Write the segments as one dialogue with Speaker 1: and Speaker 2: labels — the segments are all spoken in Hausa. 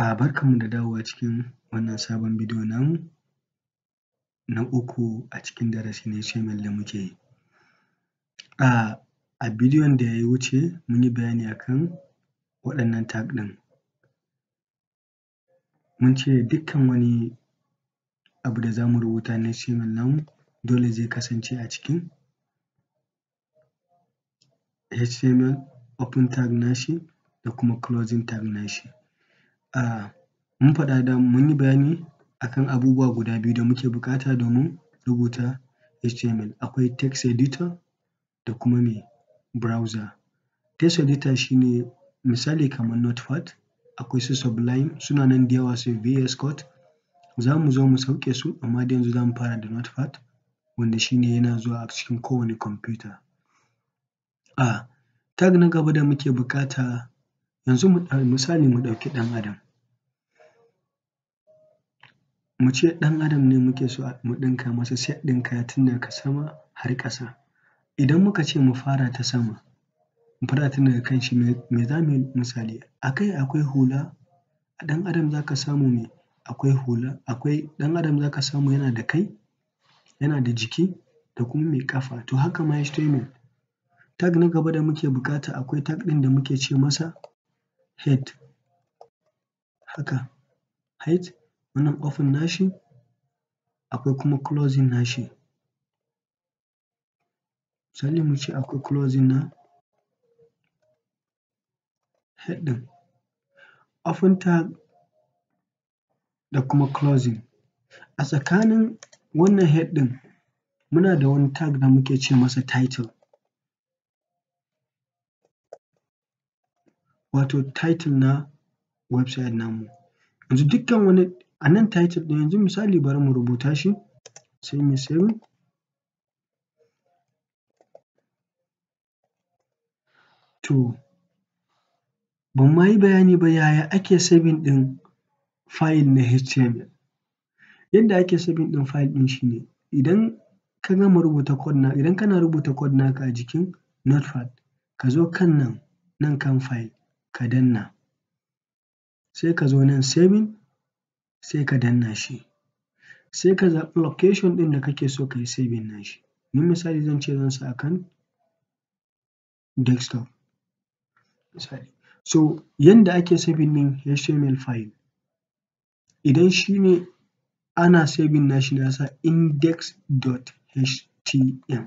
Speaker 1: A barkan da dawowa cikin wannan sabon bidiyo namu na uku a cikin darasi na HTML da muke yi. A bidiyon da ya wuce mun yi bayani akan waɗannan tag ɗin, mun ce dukkan wani abu da za mu rubuta na HTML namu dole zai kasance a cikin HTML open tag nashi da kuma closing tag nashi. a mun faɗa da mun yi bayani akan abubuwa guda biyu da muke buƙata domin rubuta HTML akwai text editor da kuma me browser. Text editor shi ne misali kamar notepad, akwai su sublime suna nan da yawa su VS code, za mu zo mu sauke su amma dai yanzu za mu fara da notepad wanda shi ne yana zuwa a cikin kowane kwamfuta. A tag na gaba da muke buƙata Yanzu misali mu ɗauki ɗan Adam, mu ce ɗan Adam ne muke so mu ɗinka masa sai ɗin kaya tun daga sama har ƙasa. Idan muka ce mu fara ta sama, mu fara tun daga kan shi me za mu yi misali? A kai akwai hula, ɗan Adam za ka samu me akwai hula, akwai ɗan Adam za ka samu yana da kai, yana da jiki da kuma me ƙafa. To haka ma shi tag na gaba da muke buƙata akwai tag ɗin da muke ce masa head haka height wannan open nashi akwai kuma closing nashi misali mu ce akwai closing na head ɗin open tag da kuma closing a tsakanin wannan head ɗin muna da wani tag da muke ce masa title wato title na website namu. Yanzu dukkan wani a nan title ɗin yanzu misali bari mu rubuta shi sai mu save To ban ma yi bayani ba yaya ake saving ɗin file na HTML. Yadda ake saving ɗin file ɗin shi ne idan ka gama rubuta code na idan kana rubuta code naka a jikin notepad ka zo kan nan, nan kan file ka danna, sai ka zo nan saving sai ka danna shi, sai ka zaɓi location ɗin da kake so ka yi saving shi. Ni misali zan ce zan sa a kan desktop misali. So yanda ake saving ɗin HTML file, idan shi ne ana saving nashi na sa index dot htm.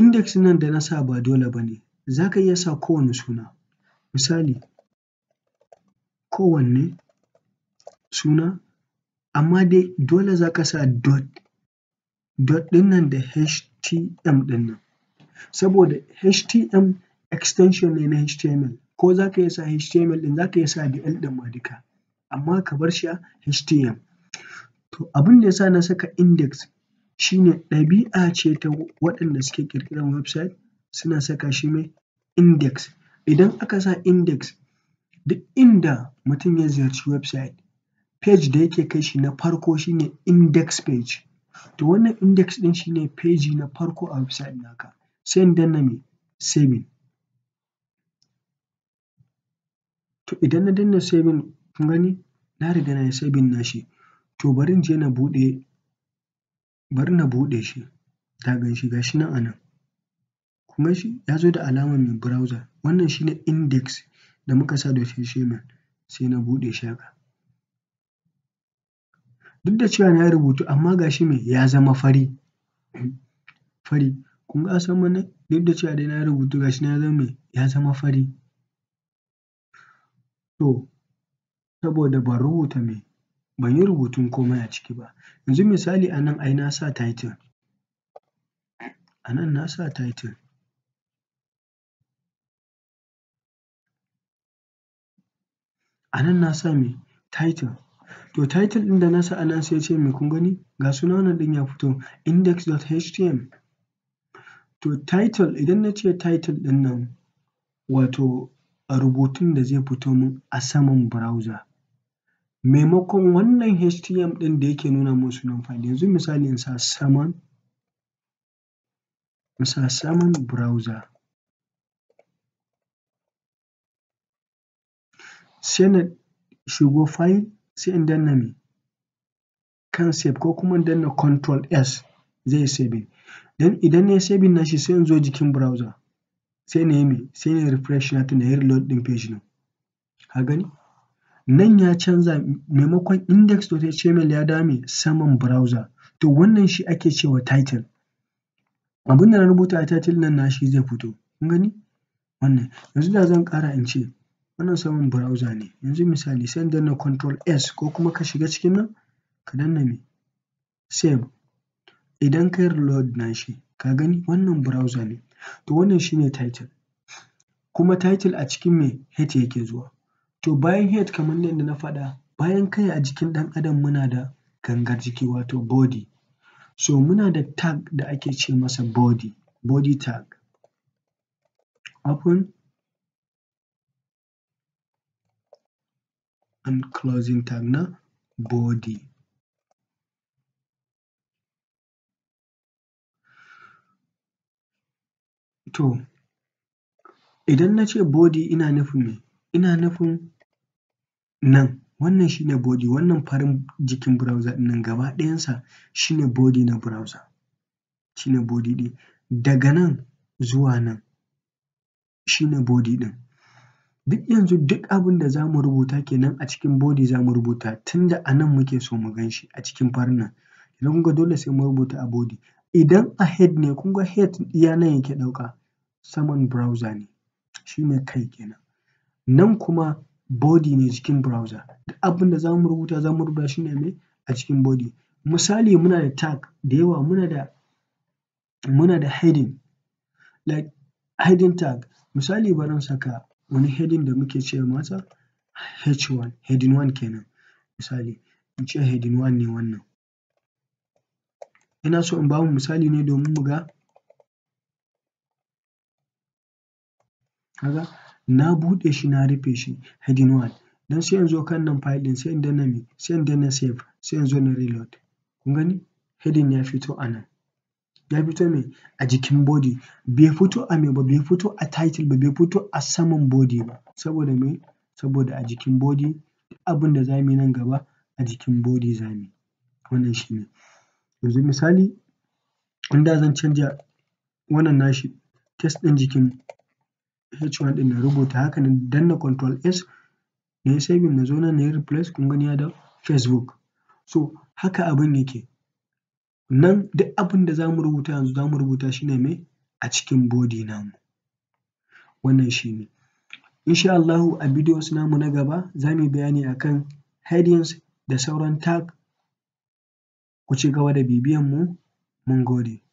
Speaker 1: Index nan da na sa ba dole ba ne, za ka iya sa kowane suna. misali kowanne suna amma dai dole za ka sa dot dot ɗin nan da HTM ɗin nan saboda HTM extension ne na HTML ko za ka iya sa HTML ɗin za ka iya sa DL ɗin ma duka amma ka bar shi a HTM. To abun da ya sa na saka index shi ne ɗabi'a ce ta waɗanda suke ƙirƙiran website suna saka shi ne index Idan aka sa index duk inda mutum ya ziyarci website page da yake kai shi na farko shine ne index page. To wannan index ɗin shi ne na farko a website naka. Sai in danna me? Saving. To idan na danna saving kun gani na riga na yi saving shi To bari in je na buɗe, bari na buɗe shi. ta ganshi shi nan a nan. kuma shi ya zo da alama mai browser wannan shi ne index da muka sa shi shebur sai na buɗe shi haka duk da cewa na yi rubutu amma ga shi mai ya zama fari fari kun ga san wannan duk da cewa dai na yi rubutu ga shi nan ya zama mai ya zama fari to saboda ban rubuta mai, ban yi rubutun komai a ciki ba yanzu misali a nan ai na sa title a nan na sa title a nan na sa me title to title ɗin da na sa a nan sai ce me kun gani ga suna nan wannan ɗin ya fito index dot htm to title idan na ce title ɗin nan wato rubutun da zai fito min a saman browser maimakon wannan htm ɗin da yake nuna min sunan file yanzu misali in sa saman in sa saman browser sai na shigo file sai in danna me kan save ko kuma in danna control S zai saving. Don idan nayi saving nashi sai in zo jikin browser sai na yi me sai na yi refresh nata na yi reload ɗin page ɗin. Ka gani? Nan ya canza maimakon index.html ya dawo saman browser. To wannan shi ake cewa title. Abun da na rubuta a title ɗin nan nashi zai fito. Kun gani? Wannan yanzu da zan ƙara in ce Wannan samun browser ne yanzu misali sai in danna control S ko kuma ka shiga cikin nan ka danna me save idan ka yi reload nashi ka gani wannan browser ne to wannan shine ne title kuma title a cikin me head yake zuwa to bayan head kaman yanda na faɗa bayan kai a jikin ɗan adam muna da gangar jiki wato body so muna da tag da ake ce masa body, body tag open and closing tag na body. To, idan na ce body ina nufin me? Ina nufin nan, wannan shi ne body, wannan farin jikin browser ɗin nan gaba ɗayansa shi ne body na browser, shi ne body ɗin. Daga nan zuwa nan shi ne body ɗin. duk yanzu duk abin da za mu rubuta kenan a cikin bodi za mu rubuta tunda a nan muke so mu gan shi a cikin farin nan idan kun ga dole sai mu rubuta a bodi idan a head ne kun ga head iya nan yake ɗauka saman browser ne shi ne kai kenan nan kuma bodi ne cikin browser duk abin da za mu rubuta za mu rubuta shi ne me a cikin bodi misali muna da tag da yawa muna da muna da heading like heading tag misali bari in saka wani heading da muke ce mata H1, heading 1 kenan. Misali in ce heading 1 ne wannan. Ina so in ba mu misali ne domin mu ga ka ga na buɗe shi na rufe shi heading 1 don sai in zo kan nan file ɗin sai in danna me sai in danna save sai in zo na reload kun gani heading ya fito a nan. ya fito me a jikin body bai fito a me ba bai fito a title ba bai fito a saman body ba saboda me saboda a jikin body da abunda zamuyi nan gaba a jikin body zamuyi wannan shi ne Yanzu misali in da zan canza wannan nashi test ɗin jikin H 1 ɗin na rubuta haka na danna control S yi saving nazo nan nayi replace kun gani ya dawo facebook. So haka abin yake. Nan duk abin da za mu rubuta yanzu za mu rubuta shi ne me a cikin body namu. Wannan shi ne. Insha Allahu a videos namu na gaba za mu yi bayani a kan headings da sauran tag. Ku ci da bibiyan mu, mun gode.